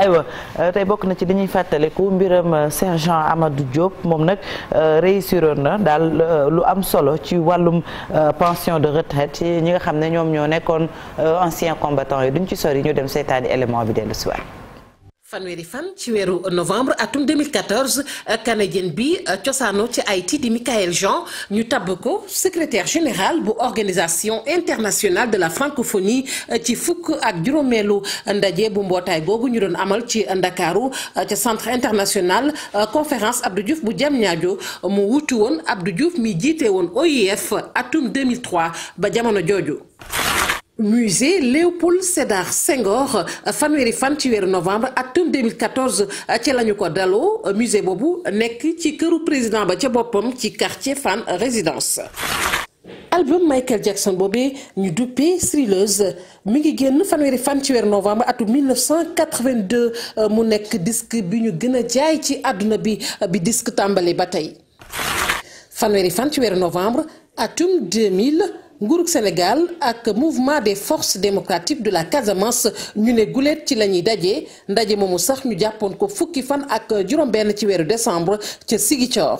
aywa euh, tey bokk na ci dañuy ñuy fàttaliku mbiram sergent euh, Amadou Diop moom nag euh, réussiroon na daal lu am solo ci wàllum pension de retraite ñi nga xam ne ñoom ñoo nekkoon anciens combattants yi duñ ci sori ñu dem seetaani élément bi dellu si waat fanweeri fan ci weeru novembre atum 2014 euh, canadien bi euh, cosaano ci ay di Michaël Jean ñu tabb ko secrétaire général bu organisation internationale de la francophonie euh, ci fukk ak juróomeelu ndaje bu mbootaay boobu ñu doon amal ci ndakaaru ca centre international conférence Abdou Diouf bu Diamniadio mu wuti woon Abdou Diouf mi jiite woon OIF atum 2003 ba jamono jooju musée Léopold Sédar Senghor fanweeri fan ci weeru novembre atum 2014 ci lañu ko daloo musée boobu nekk ci këru président ba ca boppam ci quartier fan Résidence album Michael Jackson boobee ñu duppee Thrilleuse mu ngi génn fanweeri fan ci weeru novembre atum 1982 mu nekk disque bi ñu gën a jaay ci àdduna bi bi tàmbali ba tey fanweeri fan weeru novembre atum 2000 nguurug Sénégal ak mouvement des forces démocratiques de la Casamance ñu ne guléet ci la ñuy daje ndaje moomu sax ñu jàppoon ko fukki fan ak juróom-benn ci weeru décembre ca Ziguinchor.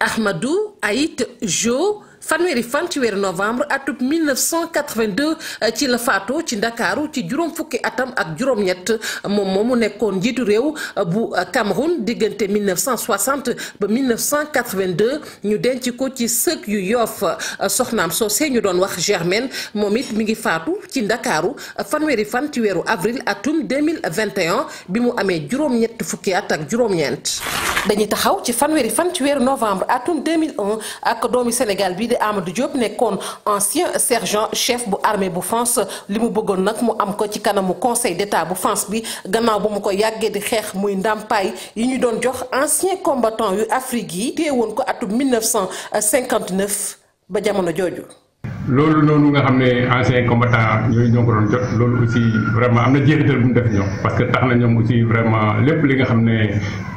Ahmadou Ait Jo. fanweeri fan ci weeru novembre atub 1982 euh, ci la faatoo ci ndakaaru ci juróom fukki atam ak juróom-ñett moom mu nekkoon njiitu réew euh, bu euh, Cameroun diggante 1960 ba 1982 ñu denc ko ci sëg yu yoof soxnaam soosee ñu doon wax Germaine moom it mi ngi faatu ci ndakaaru fanweeri fan ci weeru avril atum 2021 bi mu amee juróom-ñett fukki at ak juróom-ñeent dañuy taxaw ci fanweeri fan ci weeru novembre atum 2001 ak doomi Sénégal bi di Amadou Diop nekkoon ancien sergent chef bu armée bu France li mu bëggoon nag mu am ko ci kanamu conseil d'état bu France bi gannaaw bu mu ko yàggee di xeex muy ndàmpaay yi ñu doon jox ancien combattant yu Afrique yi téewoon ko atum 1959 ba jamono jooju. loolu noonu nga xam ne ancien combattant yooyu ñoo ko doon jot loolu aussi vraiment am na jeexital bu mu def ñoom parce que tax na ñoom aussi vraiment lépp li nga xam ne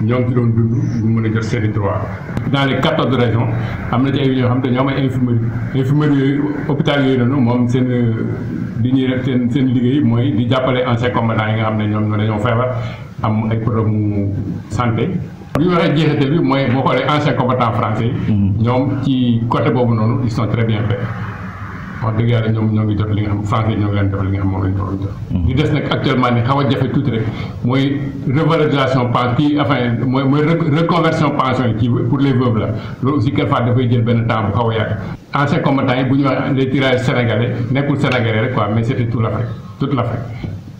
ñoom ngi ci doon dund ñu mën a jot seen i droit dans les quatorze régions am na ci ay ñoo xam ne ñoom ay infirmerie infirmerie yooyu hôpital yooyu noonu moom seen li ñuy seen seen liggéey mooy di jàppale ancien combattant yi nga xam ne ñoom ñoo dañoo feebar am ay problème mu santé bi ñu waxee jeexital bi mooy boo xoolee ancien combattant français mm-hmm. ñoom ci côté boobu noonu ils sont très bien faits wax dëgg yàlla ñoom ñoo ngi jot li nga xam sensé ñoo ngi leen mm-hmm. ni xaw a jafe tuuti rek mooy revalorisation pen kii mooy mooy reconversion pension yi ci pour les veuves la loolu aussi quelquefois dafay jël benn temps bu bu ñu wax les tirailleurs nekkul sénégalais rek quoi mais c'était tout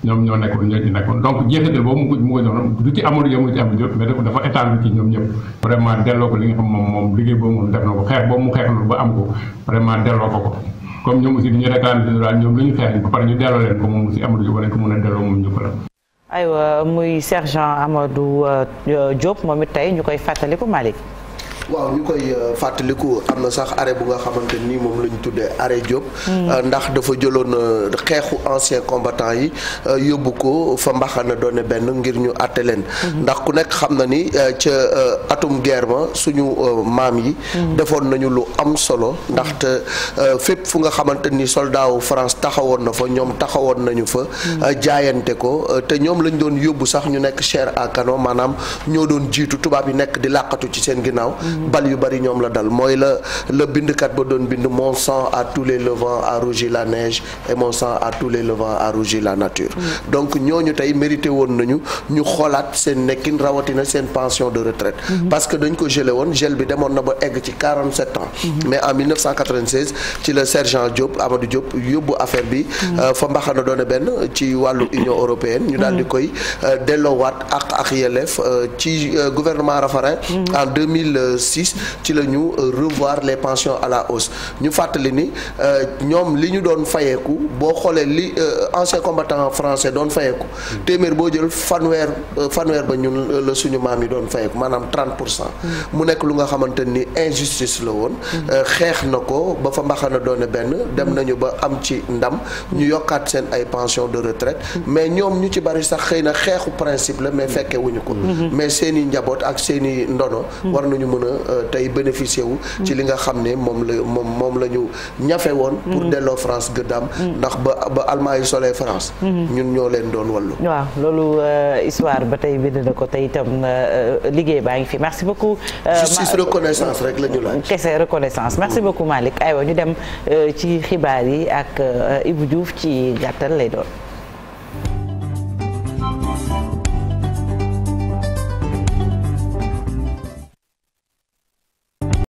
ñoom ñoo nekkoon ñoo ci donc jeexital boobu mu ko ci amul yow mu ci amul jot mais dafa étendre ci ko li nga xam moom moom liggéey boobu moom def na ko xeex boobu mu xeex loolu ba am ko vraiment delloo ko ko comme ñoom aussi bi ñu réclamé général ñoom la ñu xeex ñu delloo leen ko moom aussi Amadou Diop lañ ko mën a delloo moom ñu ko la aywa muy sergent Amadou euh, Diop moom it tey ñu koy fàttaliku Malick waaw ñu koy euh, fàttaliku am na sax arrêt bu nga xamante nii moom la ñu tuddee arrêt Diop. Hmm. Euh, ndax dafa jëloon euh, xeexu ancien combattant yi yóbbu ko fa mbaxana doone benn ngir ñu àtte leen. Hmm. ndax ku nekk xam na ni ca atum guerre suñu maam yi. Hmm. defoon nañu lu am solo ndaxte fépp fu nga xamante ni soldat wu France taxawoon na fa ñoom taxawoon nañu fa. jaayante ko te ñoom lañ doon yóbbu sax ñu nekk chair à canon maanaam ñoo doon jiitu tubaab yi nekk di làqatu ci seen ginnaaw. bal yu bari ñoom la dal mooy la la bindkat ba doon bind mon sang à tous les levants a rougi la neige et mon sang à tous les levants a rougi la nature mm. donc ñooñu tey mérité woon nañu ñu xoolaat seen nekkin rawatina seen pension de retraite mm-hmm. parce que dañ ko gelé woon gel bi demoon na ba egg ci 47 ans mm-hmm. mais en 1996 ci la sergent Diop Amadou Diop yóbbu affaire bi mm-hmm. euh, fa mbaxana doone benn ci wàllu Union européenne ñu daal di koy euh, delloowaat ak ak yelleef euh, ci gouvernement Raffarin en 2000 2006 ci la ñu euh, revoir les pensions à la hausse ñu fàttali ni euh, ñoom li ñu doon fayeeku boo xoolee li euh, ancien combattant français doon fayeeku mm. téeméer boo jël fanweer fanweer ba ñu la suñu maam yi doon fayeeku maanaam 30 pour cent mm. mu nekk lu nga xamante ni injustice la woon mm. xeex na ko ba fa mbaxana doone benn dem nañu ba am ci ndam ñu yokkaat seen ay pension de retraite mais ñoom ñu ci bari sax xëy na xeexu principe la mais fekke wuñu ko mm-hmm. mais seen njaboot ak seen i ndono war Euh, tey bénéficié wu ci li nga xam ne moom la moom moom la ñu ñafe woon pour mm-hmm. delloo France gëddaam mm-hmm. ndax ba ba Allemagne solee France mm-hmm. ñun ñoo leen doon wallu waaw loolu euh, histoire ba tey bind na ko tey itam euh, liggéey baa ngi fi merci beaucoup justice reconnaissance rek la ñu laaj kese reconnaissance merci beaucoup Malick aywa ñu dem ci xibaar yi ak Ibou Diouf ci gàttal lay doon